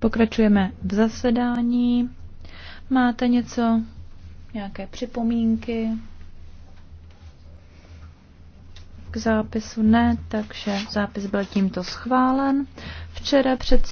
Pokračujeme v zasedání. Máte něco? Nějaké připomínky? K zápisu ne, takže zápis byl tímto schválen. Včera před